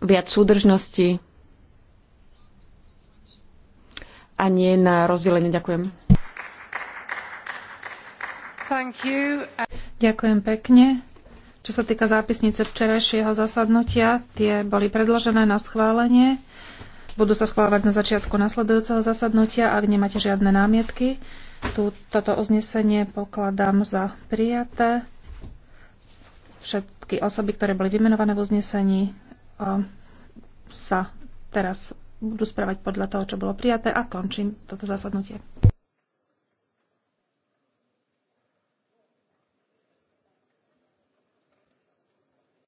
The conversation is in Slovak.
viac súdržnosti a nie na rozdelenie. Ďakujem. Ďakujem pekne. Čo sa týka zápisnice včerajšieho zasadnutia, tie boli predložené na schválenie. Budú sa schválovať na začiatku nasledujúceho zasadnutia, ak nemáte žiadne námietky. Tu, toto uznesenie pokladám za prijaté. Všetky osoby, ktoré boli vymenované v uznesení, sa teraz budú správať podľa toho, čo bolo prijaté a končím toto zasadnutie.